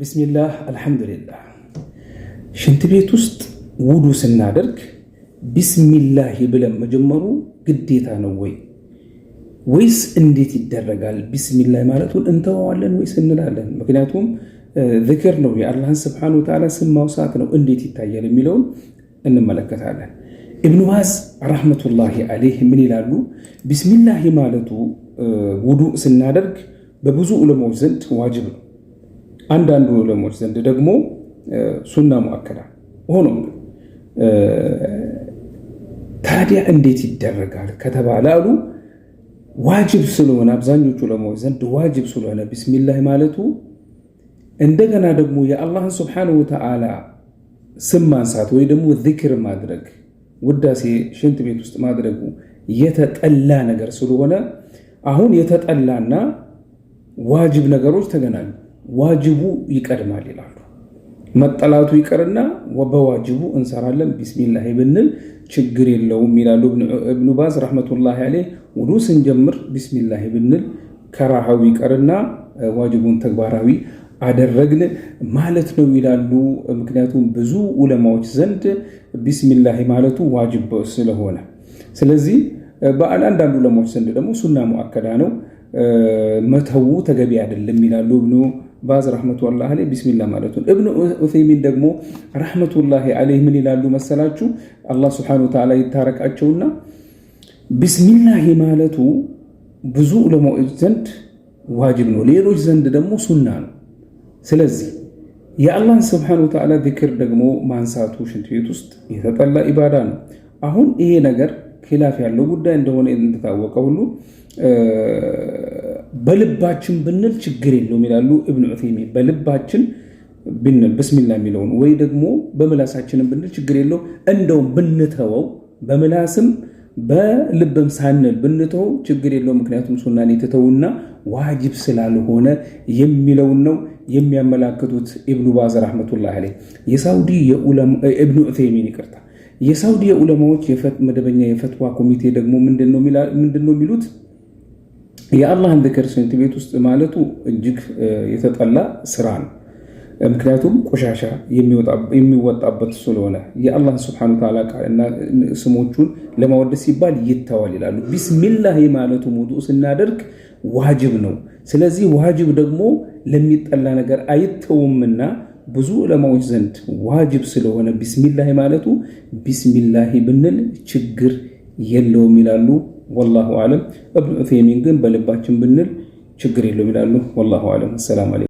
ቢስሚላህ አልሐምዱሊላህ። ሽንት ቤት ውስጥ ውዱ ስናደርግ ቢስሚላህ ብለን መጀመሩ ግዴታ ነው ወይ ወይስ እንዴት ይደረጋል? ቢስሚላህ ማለቱን እንተዋዋለን ወይስ እንላለን? ምክንያቱም ዝክር ነው፣ የአላህን ስብሓነ ወተዓላ ስም ማውሳት ነው። እንዴት ይታያል የሚለውን እንመለከታለን። ኢብኑ ባዝ ረሕመቱላሂ አለይህ ምን ይላሉ? ቢስሚላህ ማለቱ ውዱእ ስናደርግ በብዙ ዑለማዎች ዘንድ ዋጅብ ነው አንዳንዱ ዑለሞች ዘንድ ደግሞ ሱና ሙአከዳ ሆኖ ታዲያ እንዴት ይደረጋል ከተባለ አሉ ዋጅብ ስለሆነ አብዛኞቹ ዑለማዎች ዘንድ ዋጅብ ስለሆነ ቢስሚላህ ማለቱ እንደገና ደግሞ የአላህን ስብሓነሁ ወተዓላ ስም ማንሳት ወይ ደግሞ ዚክር ማድረግ ውዳሴ ሽንት ቤት ውስጥ ማድረጉ የተጠላ ነገር ስለሆነ አሁን የተጠላና ዋጅብ ነገሮች ተገናኙ። ዋጅቡ ይቀድማል ይላሉ። መጠላቱ ይቀርና በዋጅቡ እንሰራለን ቢስሚላህ ብንል ችግር የለውም ይላሉ እብኑ ባዝ ረሕመቱላሂ አለይህ። ውዱ ስንጀምር ቢስሚላህ ብንል ከራሃዊ ይቀርና ዋጅቡን ተግባራዊ አደረግን ማለት ነው ይላሉ። ምክንያቱም ብዙ ዑለማዎች ዘንድ ቢስሚላህ ማለቱ ዋጅብ ስለሆነ፣ ስለዚህ በአንዳንድ ዑለማዎች ዘንድ ደግሞ ሱና ሙአከዳ ነው መተዉ ተገቢ አይደለም ይላሉ እብኑ ባዝ ረሕመቱላሂ ዐለይህ ቢስሚላ ማለት ነው። እብን ዑሰይሚን ደግሞ ረሕመቱላሂ ዐለይህ ምን ይላሉ መሰላችሁ? አላህ ስብሓነሁ ወተዓላ ይታረቃቸውና ቢስሚላህ ማለቱ ብዙ ዑለማዎች ዘንድ ዋጅብ ነው፣ ሌሎች ዘንድ ደግሞ ሱና ነው። ስለዚህ የአላህን ስብሓነሁ ወተዓላ ዚክር ደግሞ ማንሳቱ ሽንት ቤት ውስጥ የተጠላ ኢባዳ ነው። አሁን ይሄ ነገር ኪላፍ ያለው ጉዳይ እንደሆነ እንደታወቀ ሁሉ በልባችን ብንል ችግር የለውም ይላሉ እብን ዑሰይሚን። በልባችን ብንል ብስሚላ የሚለውን ወይ ደግሞ በምላሳችንም ብንል ችግር የለው። እንደውም ብንተወው በምላስም በልብም ሳንል ብንተው ችግር የለው። ምክንያቱም ሱናን የተተውና ዋጅብ ስላልሆነ የሚለውን ነው የሚያመላክቱት ኢብኑ ባዝ ረሕመቱላ አለይ። የሳውዲ ኢብኑ ዑሰይሚን ይቅርታ የሳውዲ የዑለማዎች መደበኛ የፈትዋ ኮሚቴ ደግሞ ምንድን ነው የሚሉት? የአላህን ዝክር ሽንት ቤት ውስጥ ማለቱ እጅግ የተጠላ ስራ ነው። ምክንያቱም ቆሻሻ የሚወጣበት ስለሆነ የአላህ ስብሐነ ወተዓላ ቃልና ስሞቹን ለማወደስ ሲባል ይተዋል ይላሉ። ቢስሚላህ ማለቱ ሙ ስናደርግ ዋጅብ ነው። ስለዚህ ዋጅብ ደግሞ ለሚጠላ ነገር አይተውምና ብዙ ዑለማዎች ዘንድ ዋጅብ ስለሆነ ቢስሚላህ ማለቱ ቢስሚላህ ብንል ችግር የለውም ይላሉ። ወላሁ አለም። እብን ዑቴሚን ግን በልባችን ብንል ችግር የለው ይላሉ። ወላሁ አለም። ሰላም አለይኩም።